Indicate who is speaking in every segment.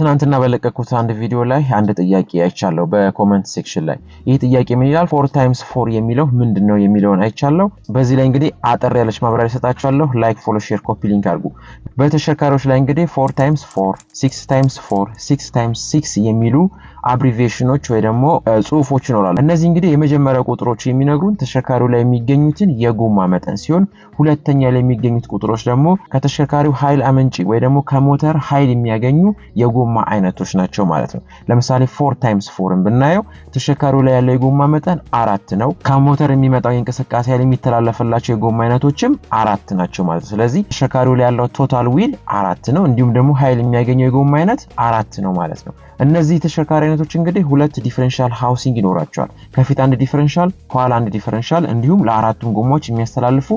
Speaker 1: ትናንትና በለቀኩት አንድ ቪዲዮ ላይ አንድ ጥያቄ አይቻለሁ በኮመንት ሴክሽን ላይ። ይህ ጥያቄ ምን ይላል? ፎር ታይምስ ፎር የሚለው ምንድን ነው የሚለውን አይቻለሁ። በዚህ ላይ እንግዲህ አጠር ያለች ማብራሪያ ይሰጣችኋለሁ። ላይክ፣ ፎሎ፣ ሼር፣ ኮፒ ሊንክ አድርጉ። በተሽከርካሪዎች ላይ እንግዲህ ፎር ታይምስ ፎር፣ ሲክስ ታይምስ ፎር፣ ሲክስ ታይምስ ሲክስ የሚሉ አብሪቬሽኖች ወይ ደግሞ ጽሁፎች ይኖራሉ። እነዚህ እንግዲህ የመጀመሪያ ቁጥሮች የሚነግሩን ተሽከርካሪው ላይ የሚገኙትን የጎማ መጠን ሲሆን፣ ሁለተኛ ላይ የሚገኙት ቁጥሮች ደግሞ ከተሽከርካሪው ኃይል አመንጪ ወይ ደግሞ ከሞተር ኃይል የሚያገኙ የጎማ አይነቶች ናቸው ማለት ነው። ለምሳሌ ፎር ታይምስ ፎርን ብናየው ተሽከርካሪው ላይ ያለው የጎማ መጠን አራት ነው። ከሞተር የሚመጣው የእንቅስቃሴ ኃይል የሚተላለፈላቸው የጎማ አይነቶችም አራት ናቸው ማለት ነው። ስለዚህ ተሽከርካሪው ላይ ያለው ቶታል ዊል አራት ነው። እንዲሁም ደግሞ ኃይል የሚያገኘው የጎማ አይነት አራት ነው ማለት ነው። እነዚህ ተሽከርካሪ አይነቶች እንግዲህ ሁለት ዲፈረንሻል ሃውሲንግ ይኖራቸዋል። ከፊት አንድ ዲፈረንሻል፣ ከኋላ አንድ ዲፈረንሻል እንዲሁም ለአራቱም ጎማዎች የሚያስተላልፉ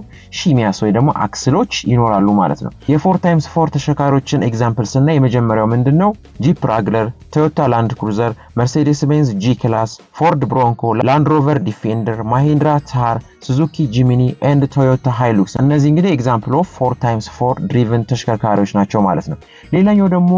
Speaker 1: ሺሚያስ ወይ ደግሞ አክስሎች ይኖራሉ ማለት ነው። የፎር ታይምስ ፎር ተሽከርካሪዎችን ኤግዛምፕል ስናይ የመጀመሪያው ምንድን ነው? ጂፕ ራግለር፣ ቶዮታ ላንድ ክሩዘር፣ መርሴዴስ ቤንዝ ጂ ክላስ፣ ፎርድ ብሮንኮ፣ ላንድ ሮቨር ዲፌንደር፣ ማሂንድራ ታር፣ ሱዙኪ ጂሚኒ ኤንድ ቶዮታ ሃይሉክስ። እነዚህ እንግዲህ ኤግዛምፕል ኦፍ ፎር ታይምስ ፎር ድሪቨን ተሽከርካሪዎች ናቸው ማለት ነው። ሌላኛው ደግሞ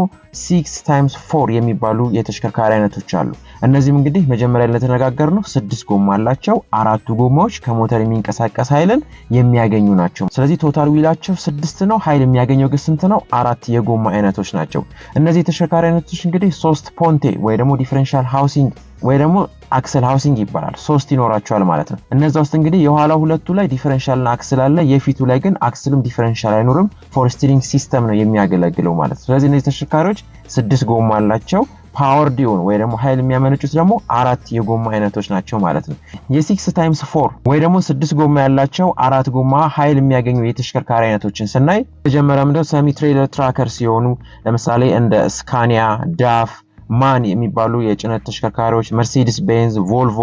Speaker 1: ሲክስ ታይምስ ፎር የሚባሉ የተሽከርካሪ አይነቶች አሉ። እነዚህም እንግዲህ መጀመሪያ ለተነጋገር ነው ስድስት ጎማ አላቸው። አራቱ ጎማዎች ከሞተር የሚንቀሳቀስ ኃይልን የሚያገኙ ናቸው። ስለዚህ ቶታል ዊላቸው ስድስት ነው። ኃይል የሚያገኘው ግን ስንት ነው? አራት የጎማ አይነቶች ናቸው። እነዚህ የተሽከርካሪ አይነቶች እንግዲህ ሶስት ፖንቴ ወይ ደግሞ ዲፈረንሻል ሃውሲንግ ወይ ደግሞ አክስል ሃውሲንግ ይባላል። ሶስት ይኖራቸዋል ማለት ነው። እነዚ ውስጥ እንግዲህ የኋላው ሁለቱ ላይ ዲፈረንሻልና አክስል አለ። የፊቱ ላይ ግን አክስልም ዲፈረንሻል አይኖርም። ፎር ስቲሪንግ ሲስተም ነው የሚያገለግለው ማለት ነው። ስለዚህ እነዚህ ተሽከርካሪዎች ስድስት ጎማ አላቸው። ፓወርድ የሆኑ ወይ ደግሞ ኃይል የሚያመነጩት ደግሞ አራት የጎማ አይነቶች ናቸው ማለት ነው። የሲክስ ታይምስ ፎር ወይ ደግሞ ስድስት ጎማ ያላቸው አራት ጎማ ኃይል የሚያገኙ የተሽከርካሪ አይነቶችን ስናይ መጀመሪያ ምንድነው ሰሚ ትሬለር ትራከር ሲሆኑ ለምሳሌ እንደ ስካኒያ፣ ዳፍ ማን የሚባሉ የጭነት ተሽከርካሪዎች፣ መርሴዲስ ቤንዝ፣ ቮልቮ፣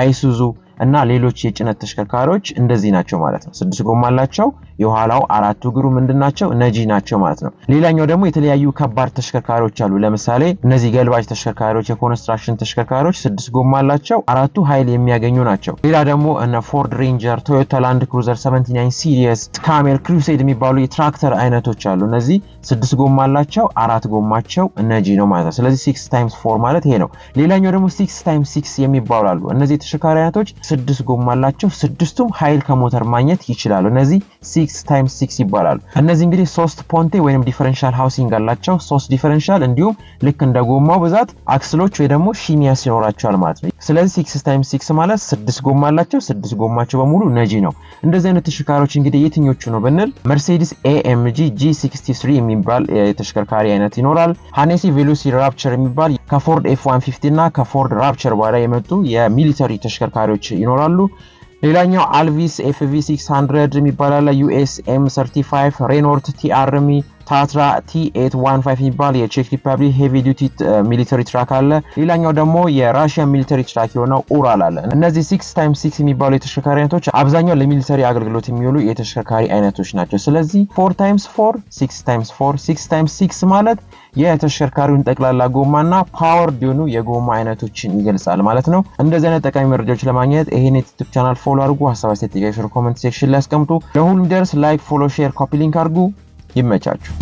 Speaker 1: አይሱዙ እና ሌሎች የጭነት ተሽከርካሪዎች እንደዚህ ናቸው ማለት ነው። ስድስት ጎማ አላቸው። የኋላው አራቱ እግሩ ምንድን ናቸው? ነጂ ናቸው ማለት ነው። ሌላኛው ደግሞ የተለያዩ ከባድ ተሽከርካሪዎች አሉ። ለምሳሌ እነዚህ ገልባጅ ተሽከርካሪዎች፣ የኮንስትራክሽን ተሽከርካሪዎች ስድስት ጎማ አላቸው። አራቱ ኃይል የሚያገኙ ናቸው። ሌላ ደግሞ እነ ፎርድ ሬንጀር፣ ቶዮታ ላንድ ክሩዘር 79 ሲሪየስ፣ ካሜል፣ ክሩሴድ የሚባሉ የትራክተር አይነቶች አሉ። እነዚህ ስድስት ጎማ አላቸው። አራት ጎማቸው ነጂ ነው ማለት ነው። ስለዚህ ሲክስ ታይምስ ፎር ማለት ይሄ ነው። ሌላኛው ደግሞ ሲክስ ታይምስ ሲክስ የሚባሉ አሉ። እነዚህ ተሽከርካሪ አይነቶች ስድስት ጎማ አላቸው። ስድስቱም ኃይል ከሞተር ማግኘት ይችላሉ። እነዚህ ሲክስ ታይምስ ሲክስ ይባላሉ። እነዚህ እንግዲህ ሶስት ፖንቴ ወይም ዲፈረንሻል ሃውሲንግ አላቸው። ሶስት ዲፈረንሻል እንዲሁም ልክ እንደ ጎማው ብዛት አክስሎች ወይ ደግሞ ሺሚያስ ይኖራቸዋል ማለት ነው። ስለዚህ ሲክስ ታይምስ ሲክስ ማለት ስድስት ጎማ አላቸው። ስድስት ጎማቸው በሙሉ ነጂ ነው። እንደዚህ አይነት ተሽከርካሪዎች እንግዲህ የትኞቹ ነው ብንል መርሴዲስ ኤኤምጂ ጂ63 የሚባል የተሽከርካሪ አይነት ይኖራል። ሃኔሲ ቬሎሲ ራፕቸር የሚባል ከፎርድ ኤፍ 150 እና ከፎርድ ራፕቸር በኋላ የመጡ የሚሊተሪ ተሽከርካሪዎች ይኖራሉ። ሌላኛው አልቪስ ኤፍቪ 600 የሚባላለ ዩኤስኤም 35 ሬኖርት ቲአርሚ ታትራ ቲ815 የሚባል የቼክ ሪፐብሊክ ሄቪ ዲቲ ሚሊተሪ ትራክ አለ። ሌላኛው ደግሞ የራሽያ ሚሊተሪ ትራክ የሆነው ኡራል አለ። እነዚህ ሲክስ ታይም ሲክስ የሚባሉ የተሽከርካሪ አይነቶች አብዛኛው ለሚሊተሪ አገልግሎት የሚውሉ የተሽከርካሪ አይነቶች ናቸው። ስለዚህ ፎር ታይምስ ፎር ሲክስ ታይምስ ፎር ታይምስ ሲክስ ማለት የተሽከርካሪውን ጠቅላላ ጎማና ፓወር የሆኑ የጎማ አይነቶችን ይገልጻል ማለት ነው። እንደዚህ አይነት ጠቃሚ መረጃዎች ለማግኘት ይሄን የዩቲዩብ ቻናል ፎሎ አድርጉ። ሀሳብ አስተያየት፣ ጥያቄ ኮመንት ሴክሽን ላይ አስቀምጡ። ለሁሉም ደርስ ላይክ፣ ፎሎ፣ ሼር፣ ኮፒ ሊንክ አድርጉ። ይመቻችሁ።